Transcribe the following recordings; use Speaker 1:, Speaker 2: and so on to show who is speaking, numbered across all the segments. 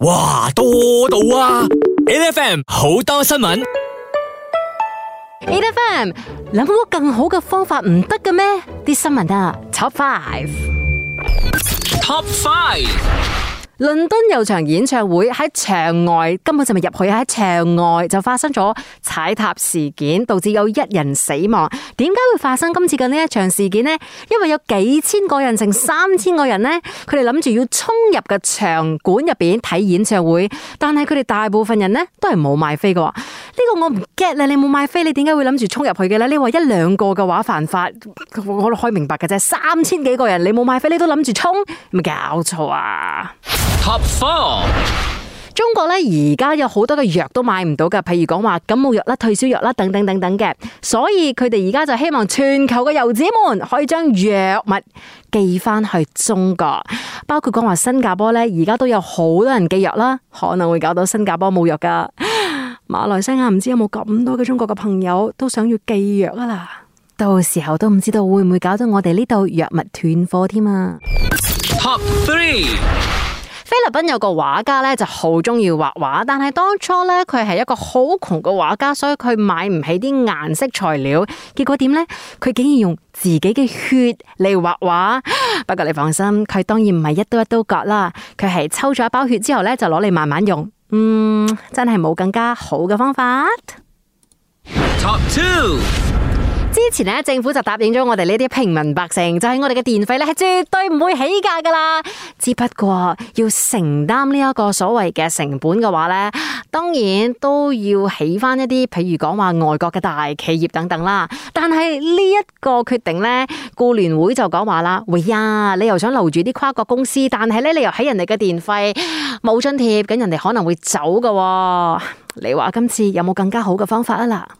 Speaker 1: 哇，多到啊！N F M 好多新聞，N F M 諗到更好嘅方法唔得嘅咩？啲新聞啊，Top Five，Top Five。Top 5倫敦有場演唱會喺場外，根本就未入去，喺場外就發生咗踩踏事件，導致有一人死亡。點解會發生今次嘅呢一場事件呢？因為有幾千個人，成三千個人呢，佢哋諗住要衝入嘅場館入邊睇演唱會，但係佢哋大部分人呢，都係冇買飛嘅。呢個我唔 get 啦，你冇買飛，你點解會諗住衝入去嘅呢？你話一兩個嘅話，犯法，我都可以明白嘅啫。三千幾個人，你冇買飛，你都諗住衝，有冇搞錯啊！Top four，中國咧而家有好多嘅藥都買唔到噶，譬如講話感冒藥啦、退燒藥啦等等等等嘅，所以佢哋而家就希望全球嘅遊子們可以將藥物寄翻去中國，包括講話新加坡咧而家都有好多人寄藥啦，可能會搞到新加坡冇藥噶。馬來西亞唔知有冇咁多嘅中國嘅朋友都想要寄藥啊啦，到時候都唔知道會唔會搞到我哋呢度藥物斷貨添啊。Top three。菲律賓有個畫家咧，就好中意畫畫，但係當初咧，佢係一個好窮嘅畫家，所以佢買唔起啲顏色材料。結果點呢？佢竟然用自己嘅血嚟畫畫。不過你放心，佢當然唔係一刀一刀割啦，佢係抽咗一包血之後咧，就攞嚟慢慢用。嗯，真係冇更加好嘅方法。Top two。之前咧，政府就答應咗我哋呢啲平民百姓，就係我哋嘅電費咧係絕對唔會起價噶啦。只不過要承擔呢一個所謂嘅成本嘅話咧，當然都要起翻一啲，譬如講話外國嘅大企業等等啦。但係呢一個決定咧，僱聯會就講話啦，喂呀，你又想留住啲跨國公司，但係咧，你又喺人哋嘅電費冇津貼，咁人哋可能會走噶喎。你話今次有冇更加好嘅方法啊？嗱。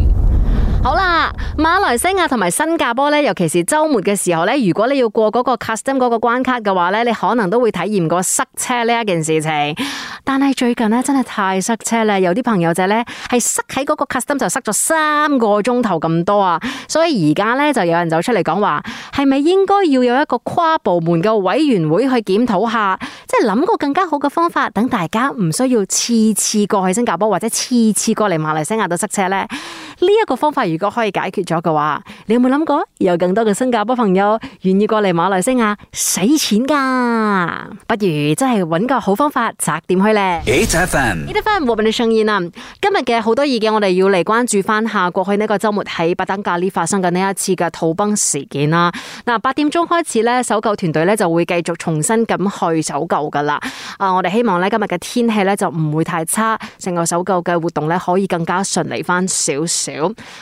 Speaker 1: 好啦，馬來西亞同埋新加坡咧，尤其是周末嘅時候咧，如果你要過嗰個 custom 嗰個關卡嘅話咧，你可能都會體驗過塞車呢一件事情。但係最近咧，真係太塞車啦！有啲朋友仔咧係塞喺嗰個 custom 就塞咗三個鐘頭咁多啊！所以而家咧就有人走出嚟講話，係咪應該要有一個跨部門嘅委員會去檢討下，即係諗過更加好嘅方法，等大家唔需要次次過去新加坡或者次次過嚟馬來西亞都塞車呢。呢一個方法如果可以解決咗嘅話，你有冇諗過有更多嘅新加坡朋友願意過嚟馬來西亞使錢噶？不如真係揾個好方法擇點去呢？eight FM，eight FM 今日嘅好多意見，我哋要嚟關注翻下過去呢個週末喺八丹加里發生嘅呢一次嘅土崩事件啦。嗱，八點鐘開始呢，搜救團隊呢就會繼續重新咁去搜救噶啦。啊，我哋希望呢，今日嘅天氣呢就唔會太差，成個搜救嘅活動呢可以更加順利翻少少。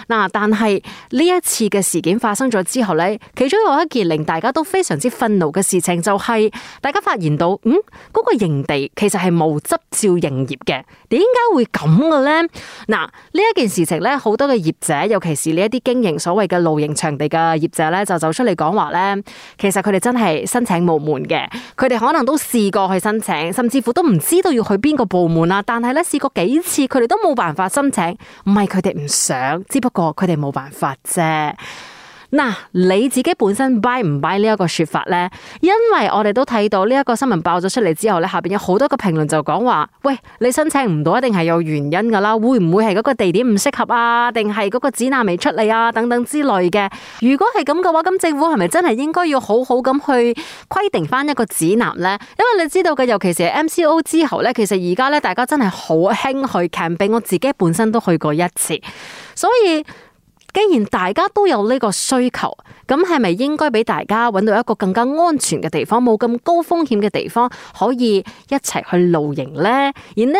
Speaker 1: 嗱，但係呢一次嘅事件發生咗之後呢，其中有一件令大家都非常之憤怒嘅事情、就係，就係大家發現到，嗯，嗰、嗰個營地其實係無執照營業嘅，點解會咁嘅呢？嗱，呢一件事情呢，好多嘅業者，尤其是呢一啲經營所謂嘅露營場地嘅業者呢，就走出嚟講話呢。其實佢哋真係申請無門嘅，佢哋可能都試過去申請，甚至乎都唔知道要去邊個部門啊，但係呢，試過幾次，佢哋都冇辦法申請，唔係佢哋唔想。只不過佢哋冇辦法啫。嗱，你自己本身 buy 唔 buy 呢一個說法呢，因為我哋都睇到呢一個新聞爆咗出嚟之後呢下邊有好多個評論就講話，喂，你申請唔到一定係有原因噶啦，會唔會係嗰個地點唔適合啊？定係嗰個指南未出嚟啊？等等之類嘅。如果係咁嘅話，咁政府係咪真係應該要好好咁去規定翻一個指南呢？因為你知道嘅，尤其是 MCO 之後呢，其實而家呢，大家真係好興去 camping，我自己本身都去過一次，所以。既然大家都有呢個需求，咁係咪應該俾大家揾到一個更加安全嘅地方，冇咁高風險嘅地方，可以一齊去露營呢？而呢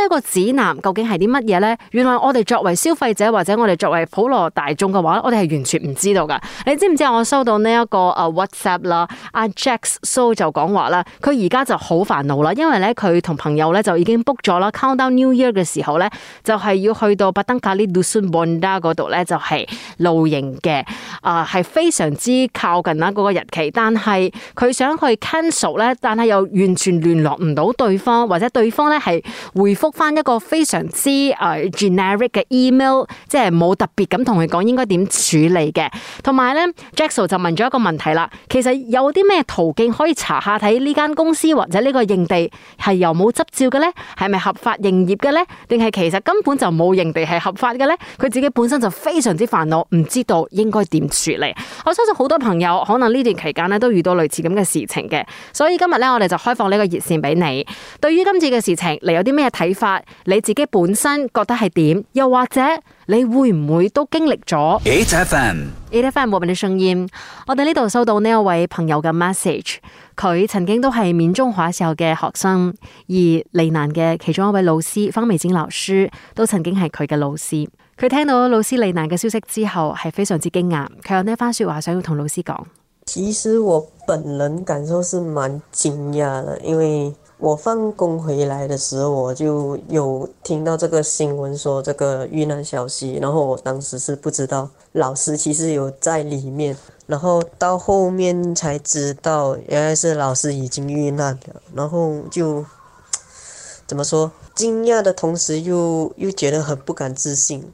Speaker 1: 一個指南究竟係啲乜嘢呢？原來我哋作為消費者或者我哋作為普羅大眾嘅話，我哋係完全唔知道噶。你知唔知我收到呢一個 WhatsApp 啦？阿、啊、Jack So 就講話啦，佢而家就好煩惱啦，因為咧佢同朋友咧就已經 book 咗啦，Countdown New Year 嘅時候咧，就係、是、要去到伯登卡利杜森邦嗰度咧，就係、是。露營嘅啊，係、呃、非常之靠近啦嗰個日期，但係佢想去 cancel 咧，但係又完全聯絡唔到對方，或者對方咧係回覆翻一個非常之 generic 嘅 email，即係冇特別咁同佢講應該點處理嘅。同埋咧，Jackson 就問咗一個問題啦，其實有啲咩途徑可以查下睇呢間公司或者呢個營地係有冇執照嘅咧，係咪合法營業嘅咧，定係其實根本就冇營地係合法嘅咧？佢自己本身就非常之煩惱。唔知道應該點處理。我相信好多朋友可能呢段期間咧都遇到類似咁嘅事情嘅，所以今日呢，我哋就開放呢個熱線俾你。對於今次嘅事情，你有啲咩睇法？你自己本身覺得係點？又或者你會唔會都經歷咗？HFM，HFM 莫敏的盛宴，我哋呢度收到呢一位朋友嘅 message，佢曾經都係免中華時候嘅學生，而罹難嘅其中一位老師方美展老師都曾經係佢嘅老師。佢聽到老師罹難嘅消息之後，係非常之驚訝。佢有呢番說話想要同老師講。其實我本人感受是蠻驚訝嘅，因為我放工回來的時候，我就有聽到這個新聞，說這個遇難消息。然後我當時是不知道老師其實有在裏面，然後到後面才知道，原來是老師已經遇難了。然後就，怎麼說？驚訝的同時又，又又覺得很不敢置信。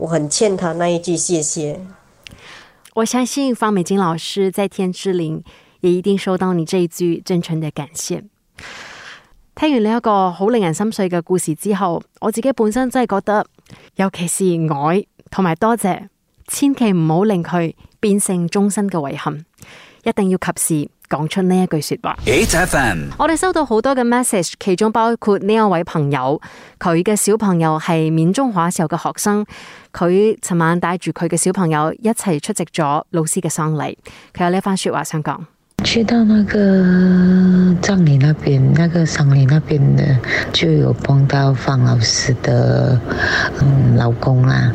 Speaker 1: 我很欠他那一句謝謝。我相信方美晶老師在天之靈，也一定收到你這一句真誠的感謝。聽完呢一個好令人心碎嘅故事之後，我自己本身真係覺得，尤其是愛同埋多謝，千祈唔好令佢變成終身嘅遺憾，一定要及時。講出呢一句說話。我哋收到好多嘅 message，其中包括呢一位朋友，佢嘅小朋友係緬中華時候嘅學生，佢尋晚帶住佢嘅小朋友一齊出席咗老師嘅喪禮，佢有呢番說話想講。去到那個葬禮那邊，那個喪禮那邊呢，就有碰到方老師的、嗯、老公啦、啊。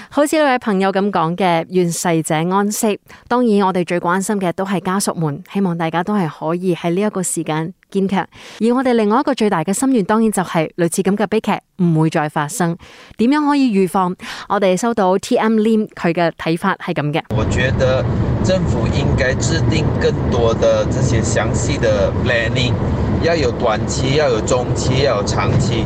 Speaker 1: 好似呢位朋友咁講嘅，願逝者安息。當然，我哋最關心嘅都係家屬們，希望大家都係可以喺呢一個時間堅強。而我哋另外一個最大嘅心願，當然就係類似咁嘅悲劇唔會再發生。點樣可以預防？我哋收到 TM Lim 佢嘅睇法係咁嘅。我覺得政府應該制定更多的這些詳細的 planning，要有短期，要有中期，要有長期。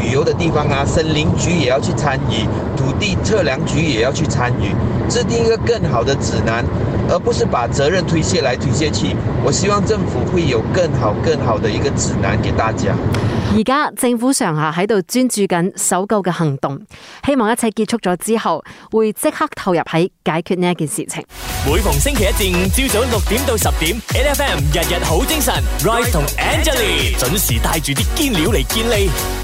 Speaker 1: 旅遊的地方啊，森林局也要去參與，土地測量局也要去參與，制定一個更好的指南，而不是把責任推卸來推卸去。我希望政府會有更好更好的一個指南給大家。而家政府上下喺度專注緊搜救嘅行動，希望一切結束咗之後，會即刻投入喺解決呢一件事情。情每逢星期一至五，朝早六點到十點，N F M 日日好精神，Rise 同 Angelina 準時帶住啲堅料嚟見你。